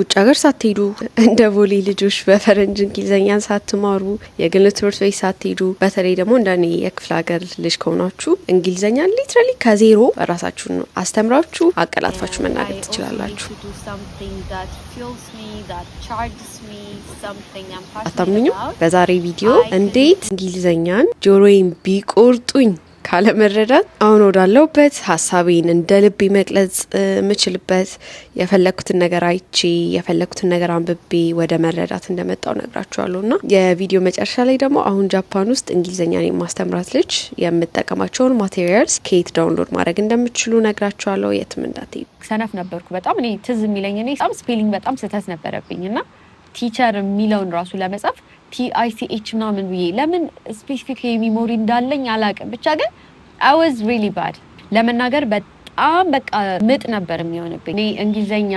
ውጭ ሀገር ሳትሄዱ እንደ ቦሌ ልጆች በፈረንጅ እንግሊዝኛን ሳትማሩ የግል ትምህርት ቤት ሳትሄዱ በተለይ ደግሞ እንደኔ የክፍለ ሀገር ልጅ ከሆናችሁ እንግሊዘኛ ሊትራሊ ከዜሮ ራሳችሁን አስተምራችሁ አቀላጥፋችሁ መናገር ትችላላችሁ። አታምኑኝም? በዛሬ ቪዲዮ እንዴት እንግሊዝኛን ጆሮዬን ቢቆርጡኝ ካለመረዳት አሁን ወዳለውበት ሀሳቤን እንደ ልቤ መግለጽ የምችልበት የፈለግኩትን ነገር አይቼ የፈለግኩትን ነገር አንብቤ ወደ መረዳት እንደመጣው ነግራችኋለሁ። ና የቪዲዮ መጨረሻ ላይ ደግሞ አሁን ጃፓን ውስጥ እንግሊዝኛን የማስተምራት ልጅ የምጠቀማቸውን ማቴሪያልስ ከየት ዳውንሎድ ማድረግ እንደምችሉ ነግራችኋለሁ። የትም እንዳትሄዱ። ሰነፍ ነበርኩ በጣም እኔ ትዝ የሚለኝ እኔ በጣም ስፔሊንግ በጣም ስህተት ነበረብኝ እና ቲቸር የሚለውን ራሱ ለመጻፍ ቲአይሲኤች ምናምን ብዬ ለምን ስፔሲፊክ የሚሞሪ እንዳለኝ አላውቅም። ብቻ ግን አወዝ ሪሊ ባድ ለመናገር በጣም በቃ ምጥ ነበር የሚሆንብኝ እኔ እንግሊዝኛ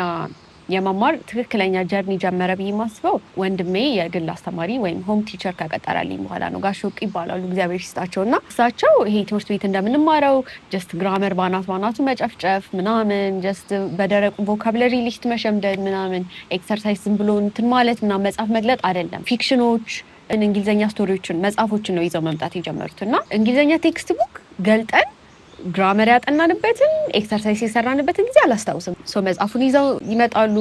የመማር ትክክለኛ ጀርኒ ጀመረ ብዬ ማስበው ወንድሜ የግል አስተማሪ ወይም ሆም ቲቸር ከቀጠረልኝ በኋላ ነው። ጋሽ ወርቁ ይባላሉ፣ እግዚአብሔር ይስጣቸው እና እሳቸው ይሄ ትምህርት ቤት እንደምንማረው ጀስት ግራመር ባናት ባናቱ መጨፍጨፍ ምናምን፣ ጀስት በደረቁ ቮካብለሪ ሊስት መሸምደድ ምናምን፣ ኤክሰርሳይዝ ዝም ብሎ እንትን ማለት ምናምን፣ መጽሐፍ መግለጥ አይደለም ፊክሽኖች እንግሊዝኛ ስቶሪዎችን መጽሐፎችን ነው ይዘው መምጣት የጀመሩት እና እንግሊዝኛ ቴክስት ቡክ ገልጠን ግራመር ያጠናንበትን ኤክሰርሳይዝ የሰራንበትን ጊዜ አላስታውስም። መጽሐፉን ይዘው ይመጣሉ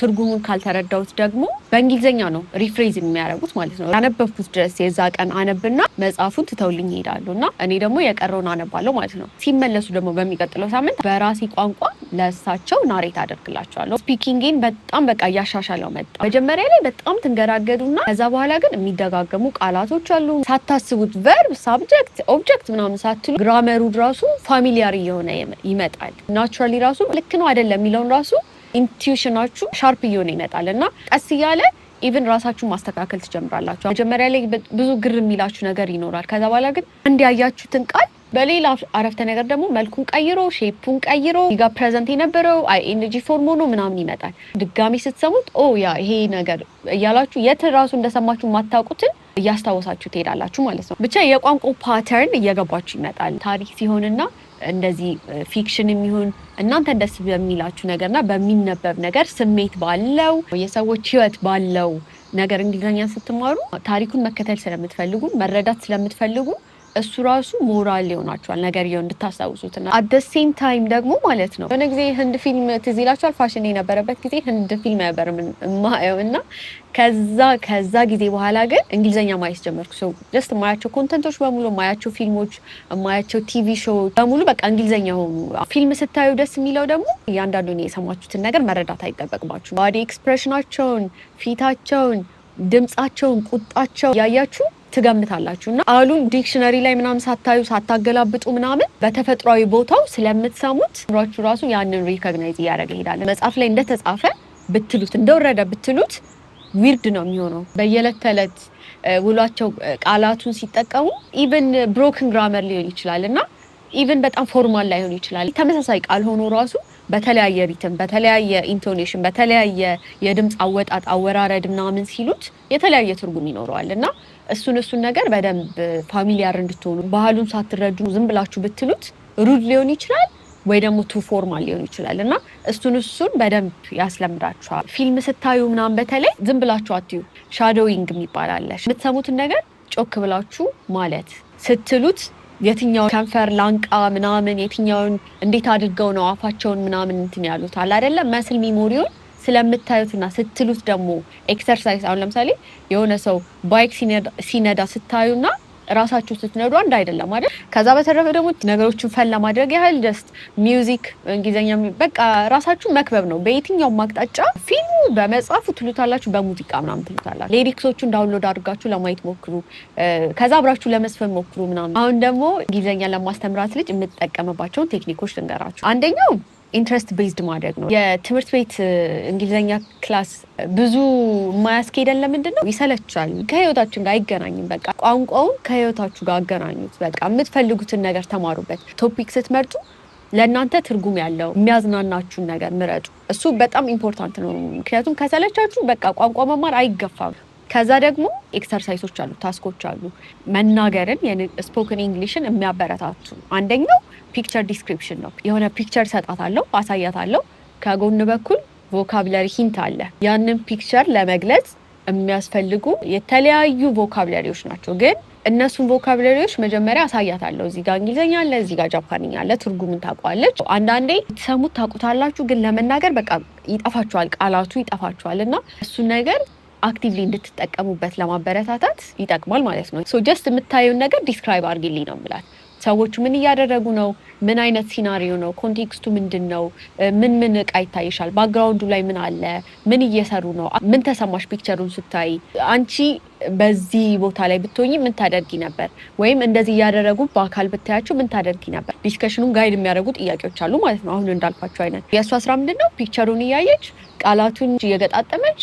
ትርጉሙን ካልተረዳሁት ደግሞ በእንግሊዝኛ ነው ሪፍሬዝ የሚያደርጉት ማለት ነው። ያነበብኩት ድረስ የዛ ቀን አነብና መጽሐፉን ትተውልኝ ይሄዳሉ እና እኔ ደግሞ የቀረውን አነባለሁ ማለት ነው። ሲመለሱ ደግሞ በሚቀጥለው ሳምንት በራሴ ቋንቋ ለእሳቸው ናሬት አደርግላቸዋለሁ። ስፒኪንግን በጣም በቃ እያሻሻለው መጣ። መጀመሪያ ላይ በጣም ትንገዳገዱና ከዛ በኋላ ግን የሚደጋገሙ ቃላቶች አሉ። ሳታስቡት ቨርብ፣ ሳብጀክት፣ ኦብጀክት ምናምን ሳትሉ ግራመሩ ራሱ ፋሚሊያር እየሆነ ይመጣል። ናቹራሊ ራሱ ልክ ነው አይደለም የሚለውን ራሱ ኢንቲዩሽናችሁ ሻርፕ እየሆነ ይመጣል እና ቀስ እያለ ኢቨን ራሳችሁን ማስተካከል ትጀምራላችሁ። መጀመሪያ ላይ ብዙ ግር የሚላችሁ ነገር ይኖራል። ከዛ በኋላ ግን አንድ ያያችሁትን ቃል በሌላ አረፍተ ነገር ደግሞ መልኩን ቀይሮ ሼፑን ቀይሮ ጋር ፕሬዘንት የነበረው ኤነርጂ ፎርም ሆኖ ምናምን ይመጣል። ድጋሚ ስትሰሙት ኦ ያ ይሄ ነገር እያላችሁ የት ራሱ እንደሰማችሁ የማታውቁትን እያስታወሳችሁ ትሄዳላችሁ ማለት ነው። ብቻ የቋንቋ ፓተርን እየገባችሁ ይመጣል። ታሪክ ሲሆንና እንደዚህ ፊክሽን የሚሆን እናንተ ደስ በሚላችሁ ነገርና በሚነበብ ነገር ስሜት ባለው የሰዎች ህይወት ባለው ነገር እንግሊዝኛ ስትማሩ ታሪኩን መከተል ስለምትፈልጉ መረዳት ስለምትፈልጉ እሱ ራሱ ሞራል ሊሆናቸዋል ነገር ይኸው እንድታስታውሱት ና አደ ሴም ታይም ደግሞ ማለት ነው የሆነ ጊዜ ህንድ ፊልም ትዝ ይላችኋል። ፋሽን የነበረበት ጊዜ ህንድ ፊልም ነበር የማየው እና ከዛ ከዛ ጊዜ በኋላ ግን እንግሊዝኛ ማየት ጀመርኩ። ሰው ጀስት የማያቸው ኮንተንቶች በሙሉ የማያቸው ፊልሞች፣ የማያቸው ቲቪ ሾዎች በሙሉ በቃ እንግሊዝኛ ሆኑ። ፊልም ስታዩ ደስ የሚለው ደግሞ እያንዳንዱን የሰማችሁትን ነገር መረዳት አይጠበቅባችሁ። ባዲ ኤክስፕሬሽናቸውን፣ ፊታቸውን፣ ድምጻቸውን፣ ቁጣቸው ያያችሁ ትገምታላችሁ አሉን ዲክሽነሪ ላይ ምናምን ሳታዩ ሳታገላብጡ ምናምን በተፈጥሯዊ ቦታው ስለምትሰሙት ምሯችሁ ራሱ ያንን ሪኮግናይዝ እያደረገ ይሄዳል። መጽሐፍ ላይ እንደተጻፈ ብትሉት እንደወረደ ብትሉት ዊርድ ነው የሚሆነው። በየዕለት ተዕለት ውሏቸው ቃላቱን ሲጠቀሙ ኢቨን ብሮክን ግራመር ሊሆን ይችላል እና ኢቨን በጣም ፎርማል ላይሆን ይችላል። ተመሳሳይ ቃል ሆኖ ራሱ በተለያየ ሪትም፣ በተለያየ ኢንቶኔሽን፣ በተለያየ የድምፅ አወጣጥ አወራረድ ምናምን ሲሉት የተለያየ ትርጉም ይኖረዋል እና እሱን እሱን ነገር በደንብ ፋሚሊያር እንድትሆኑ ባህሉን ሳትረዱ ዝም ብላችሁ ብትሉት ሩድ ሊሆን ይችላል ወይ ደግሞ ቱ ፎርማል ሊሆን ይችላል እና እሱን እሱን በደንብ ያስለምዳችኋል። ፊልም ስታዩ ምናምን በተለይ ዝም ብላችሁ አትዩ። ሻዶዊንግ የሚባል አለ። የምትሰሙትን ነገር ጮክ ብላችሁ ማለት ስትሉት የትኛው ከንፈር ላንቃ ምናምን የትኛውን እንዴት አድርገው ነው አፋቸውን ምናምን እንትን ያሉት አለ አይደለም። መስል ሚሞሪውን ስለምታዩትና ስትሉት ደግሞ ኤክሰርሳይዝ አሁን ለምሳሌ የሆነ ሰው ባይክ ሲነዳ ስታዩና ራሳችሁ ስትነዱ አንድ አይደለም አይደል? ከዛ በተረፈ ደግሞ ነገሮችን ፈን ለማድረግ ያህል ጀስት ሚውዚክ፣ እንግሊዝኛ በቃ ራሳችሁን መክበብ ነው። በየትኛውም አቅጣጫ ፊልሙ በመጽሐፉ ትሉታላችሁ፣ በሙዚቃ ምናምን ትሉታላችሁ። ሊሪክሶቹን ዳውንሎድ አድርጋችሁ ለማየት ሞክሩ፣ ከዛ አብራችሁ ለመስፈን ሞክሩ ምናምን። አሁን ደግሞ እንግሊዝኛ ለማስተምራት ልጅ የምትጠቀምባቸውን ቴክኒኮች ልንገራችሁ። አንደኛው ኢንትረስት ቤዝድ ማድረግ ነው። የትምህርት ቤት እንግሊዝኛ ክላስ ብዙ የማያስኬደን ለምንድን ነው? ይሰለቻል። ከህይወታችን ጋር አይገናኝም። በቃ ቋንቋውን ከህይወታችሁ ጋር አገናኙት። በቃ የምትፈልጉትን ነገር ተማሩበት። ቶፒክ ስትመርጡ ለእናንተ ትርጉም ያለው የሚያዝናናችሁን ነገር ምረጡ። እሱ በጣም ኢምፖርታንት ነው። ምክንያቱም ከሰለቻችሁ በቃ ቋንቋ መማር አይገፋም። ከዛ ደግሞ ኤክሰርሳይሶች አሉ፣ ታስኮች አሉ። መናገርን ስፖክን ኢንግሊሽን የሚያበረታቱ አንደኛው ፒክቸር ዲስክሪፕሽን ነው። የሆነ ፒክቸር ሰጣታለሁ፣ አሳያታለሁ። ከጎን በኩል ቮካብለሪ ሂንት አለ። ያንን ፒክቸር ለመግለጽ የሚያስፈልጉ የተለያዩ ቮካብለሪዎች ናቸው ግን እነሱን ቮካብለሪዎች መጀመሪያ አሳያታለሁ። እዚህ ጋር እንግሊዝኛ አለ፣ እዚህ ጋር ጃፓንኛ አለ። ትርጉምን ታውቋለች። አንዳንዴ የተሰሙት ታውቁታላችሁ፣ ግን ለመናገር በቃ ይጠፋችኋል፣ ቃላቱ ይጠፋችኋል። እና እሱን ነገር አክቲቭሊ እንድትጠቀሙበት ለማበረታታት ይጠቅማል ማለት ነው። ሶ ጀስት የምታየውን ነገር ዲስክራይብ አድርጊልኝ ነው የምላት። ሰዎቹ ምን እያደረጉ ነው? ምን አይነት ሲናሪዮ ነው? ኮንቴክስቱ ምንድን ነው? ምን ምን እቃ ይታይሻል? ባክግራውንዱ ላይ ምን አለ? ምን እየሰሩ ነው? ምን ተሰማሽ? ፒክቸሩን ስታይ አንቺ በዚህ ቦታ ላይ ብትሆኝ ምን ታደርጊ ነበር? ወይም እንደዚህ እያደረጉ በአካል ብታያቸው ምን ታደርጊ ነበር? ዲስከሽኑን ጋይድ የሚያደርጉ ጥያቄዎች አሉ ማለት ነው። አሁን እንዳልኳቸው አይነት የእሷ ስራ ምንድን ነው? ፒክቸሩን እያየች ቃላቱን እየገጣጠመች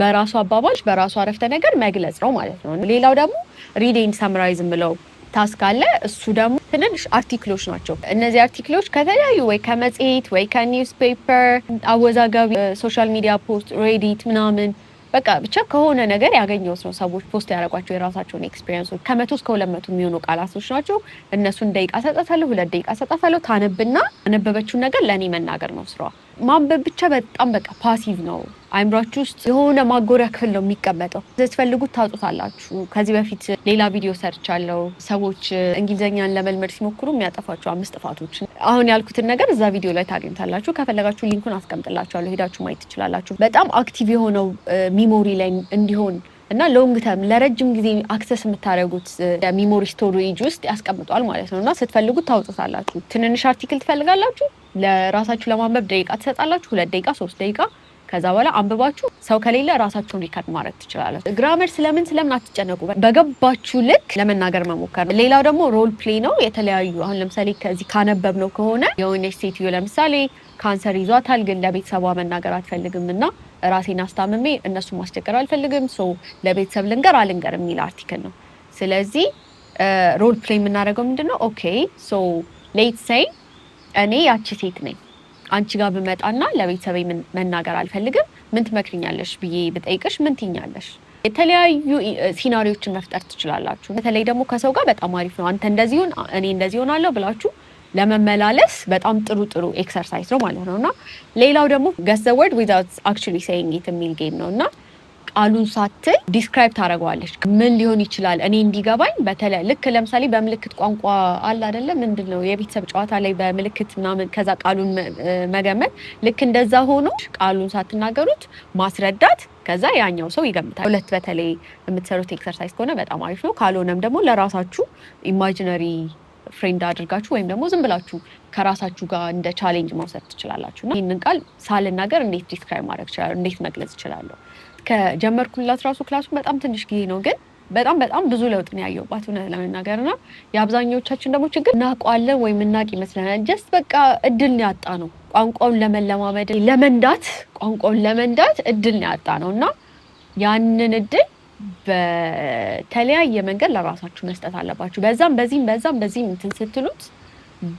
በራሱ አባባል በራሱ አረፍተ ነገር መግለጽ ነው ማለት ነው። ሌላው ደግሞ ሪድ ኤንድ ሳምራይዝ የምለው ታስክ አለ። እሱ ደግሞ ትንንሽ አርቲክሎች ናቸው። እነዚህ አርቲክሎች ከተለያዩ ወይ ከመጽሔት ወይ ከኒውስ ፔፐር፣ አወዛጋቢ ሶሻል ሚዲያ ፖስት፣ ሬዲት ምናምን በቃ ብቻ ከሆነ ነገር ያገኘሁት ነው። ሰዎች ፖስት ያደረጓቸው የራሳቸውን ኤክስፒሪየንሶች ከመቶ እስከ ሁለት መቶ የሚሆኑ ቃላቶች ናቸው። እነሱን ደቂቃ ሰጠታለሁ፣ ሁለት ደቂቃ ታነብና ያነበበችውን ነገር ለእኔ መናገር ነው ስራዋ። ማንበብ ብቻ በጣም በቃ ፓሲቭ ነው። አይምሯችሁ ውስጥ የሆነ ማጎሪያ ክፍል ነው የሚቀመጠው። ስትፈልጉት ታጡታላችሁ። ከዚህ በፊት ሌላ ቪዲዮ ሰርቻለሁ። ሰዎች እንግሊዝኛን ለመልመድ ሲሞክሩ የሚያጠፏቸው አምስት ጥፋቶች። አሁን ያልኩትን ነገር እዛ ቪዲዮ ላይ ታገኝታላችሁ። ከፈለጋችሁ ሊንኩን አስቀምጥላችኋለሁ፣ ሄዳችሁ ማየት ትችላላችሁ። በጣም አክቲቭ የሆነው ሚሞሪ ላይ እንዲሆን እና ሎንግ ተርም ለረጅም ጊዜ አክሰስ የምታደርጉት ሚሞሪ ስቶሬጅ ውስጥ ያስቀምጧል ማለት ነው እና ስትፈልጉት ታውጡታላችሁ። ትንንሽ አርቲክል ትፈልጋላችሁ ለራሳችሁ ለማንበብ ደቂቃ ትሰጣላችሁ። ሁለት ደቂቃ ሶስት ደቂቃ ከዛ በኋላ አንብባችሁ ሰው ከሌለ ራሳችሁን ሪከርድ ማድረግ ትችላላችሁ። ግራመር ስለምን ስለምን አትጨነቁ። በገባችሁ ልክ ለመናገር መሞከር ነው። ሌላው ደግሞ ሮል ፕሌይ ነው። የተለያዩ አሁን ለምሳሌ ከዚህ ካነበብ ነው ከሆነ የሆነች ሴትዮ ለምሳሌ ካንሰር ይዟታል፣ ግን ለቤተሰቧ መናገር አትፈልግም እና ራሴን አስታምሜ እነሱ ማስቸገር አልፈልግም፣ ሶ ለቤተሰብ ልንገር አልንገር የሚል አርቲክል ነው። ስለዚህ ሮል ፕሌይ የምናደርገው ምንድን ነው? ኦኬ ሶ ሌት ሴይ እኔ ያቺ ሴት ነኝ አንቺ ጋር ብመጣና ለቤተሰቤ መናገር አልፈልግም፣ ምን ትመክርኛለሽ ብዬ ብጠይቅሽ ምን ትኛለሽ? የተለያዩ ሲናሪዎችን መፍጠር ትችላላችሁ። በተለይ ደግሞ ከሰው ጋር በጣም አሪፍ ነው። አንተ እንደዚሁን እኔ እንደዚህ ሆናለሁ ብላችሁ ለመመላለስ በጣም ጥሩ ጥሩ ኤክሰርሳይዝ ነው ማለት ነው። እና ሌላው ደግሞ ገስ ዘ ወርድ ዊዛውት አክቹዋሊ ሴይንግ ኢት የሚል ጌም ነው እና ቃሉን ሳትል ዲስክራይብ ታደርገዋለች። ምን ሊሆን ይችላል እኔ እንዲገባኝ በተለይ ልክ ለምሳሌ በምልክት ቋንቋ አለ አደለ? ምንድን ነው የቤተሰብ ጨዋታ ላይ በምልክት ምናምን ከዛ ቃሉን መገመት ልክ እንደዛ ሆኖ ቃሉን ሳትናገሩት ማስረዳት ከዛ ያኛው ሰው ይገምታል። ሁለት በተለይ የምትሰሩት ኤክሰርሳይዝ ከሆነ በጣም አሪፍ ነው። ካልሆነም ደግሞ ለራሳችሁ ኢማጂነሪ ፍሬንድ አድርጋችሁ ወይም ደግሞ ዝም ብላችሁ ከራሳችሁ ጋር እንደ ቻሌንጅ መውሰድ ትችላላችሁ። እና ይህንን ቃል ሳልናገር እንዴት ዲስክራይብ ማድረግ እችላለሁ? እንዴት መግለጽ እችላለሁ? ከጀመርኩላት ራሱ ክላሱ በጣም ትንሽ ጊዜ ነው፣ ግን በጣም በጣም ብዙ ለውጥ ነው ያየሁባት እውነት ለመናገር እና የአብዛኛዎቻችን ደግሞ ችግር እናውቀዋለን ወይም እናውቅ ይመስለናል። ጀስት በቃ እድል ነው ያጣ ነው ቋንቋውን ለመለማመድ ለመንዳት ቋንቋውን ለመንዳት እድል ነው ያጣ ነው እና ያንን እድል በተለያየ መንገድ ለራሳችሁ መስጠት አለባችሁ። በዛም በዚህም በዛም በዚህም እንትን ስትሉት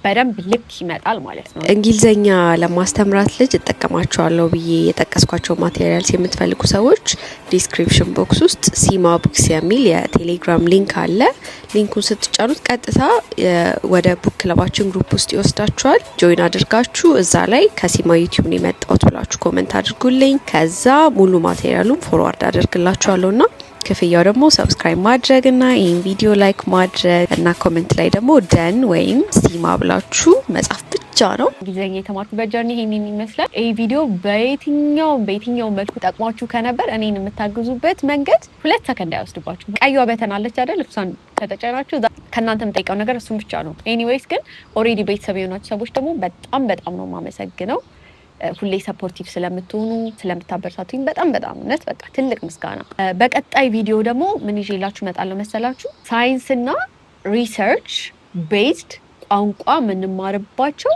በደንብ ልክ ይመጣል ማለት ነው። እንግሊዘኛ ለማስተምራት ልጅ እጠቀማቸዋለሁ ብዬ የጠቀስኳቸው ማቴሪያልስ የምትፈልጉ ሰዎች ዲስክሪፕሽን ቦክስ ውስጥ ሲማ ቡክስ የሚል የቴሌግራም ሊንክ አለ። ሊንኩን ስትጫኑት ቀጥታ ወደ ቡክ ክለባችን ግሩፕ ውስጥ ይወስዳችኋል። ጆይን አድርጋችሁ እዛ ላይ ከሲማ ዩቲዩብን የመጣሁት ብላችሁ ኮመንት አድርጉልኝ። ከዛ ሙሉ ማቴሪያሉን ፎርዋርድ አደርግላችኋለሁ ና ክፍያው ደግሞ ሰብስክራይብ ማድረግ እና ይህን ቪዲዮ ላይክ ማድረግ እና ኮሜንት ላይ ደግሞ ደን ወይም ሲማ ብላችሁ መጻፍ ብቻ ነው። እንግሊዝኛ የተማርኩበት ጆርኒ ይሄንን ይመስላል። ይህ ቪዲዮ በየትኛው በየትኛው መልኩ ጠቅሟችሁ ከነበር እኔን የምታግዙበት መንገድ ሁለት ሰከንድ አይወስድባችሁ። ቀዩ በተናለች አደል ልብሷን እሷን ከተጫናችሁ ከእናንተ የምጠይቀው ነገር እሱም ብቻ ነው። ኤኒዌይስ ግን ኦሬዲ ቤተሰብ የሆናችሁ ሰዎች ደግሞ በጣም በጣም ነው የማመሰግነው። ሁሌ ሰፖርቲቭ ስለምትሆኑ ስለምታበረታቱኝ በጣም በጣም እውነት በቃ ትልቅ ምስጋና። በቀጣይ ቪዲዮ ደግሞ ምን ይዤላችሁ እመጣለሁ መሰላችሁ? ሳይንስና ሪሰርች ቤዝድ ቋንቋ የምንማርባቸው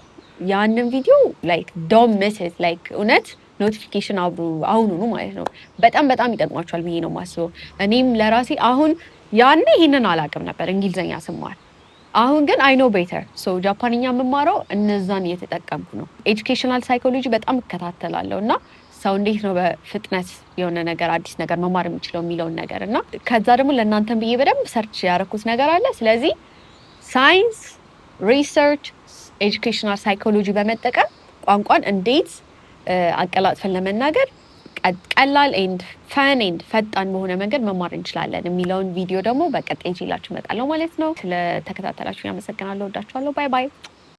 ያንን ቪዲዮ ላይክ ዶንት ሚስ ላይክ እውነት ኖቲፊኬሽን አብሩ አሁኑኑ ማለት ነው። በጣም በጣም ይጠቅማችኋል ብዬ ነው የማስበው። እኔም ለራሴ አሁን ያኔ ይህንን አላውቅም ነበር እንግሊዝኛ ስማል አሁን ግን አይ ኖ ቤተር ሶ ጃፓንኛ የምማረው እነዛን እየተጠቀምኩ ነው። ኤጁኬሽናል ሳይኮሎጂ በጣም እከታተላለሁ እና ሰው እንዴት ነው በፍጥነት የሆነ ነገር አዲስ ነገር መማር የሚችለው የሚለውን ነገር እና ከዛ ደግሞ ለእናንተን ብዬ በደንብ ሰርች ያደረኩት ነገር አለ። ስለዚህ ሳይንስ፣ ሪሰርች፣ ኤጁኬሽናል ሳይኮሎጂ በመጠቀም ቋንቋን እንዴት አቀላጥፈን ለመናገር ቀላል ኤንድ ፈን ኤንድ ፈጣን በሆነ መንገድ መማር እንችላለን የሚለውን ቪዲዮ ደግሞ በቀጣይ ይዤላችሁ እመጣለሁ ማለት ነው። ስለተከታተላችሁ ያመሰግናለሁ። ወዳችኋለሁ። ባይ ባይ።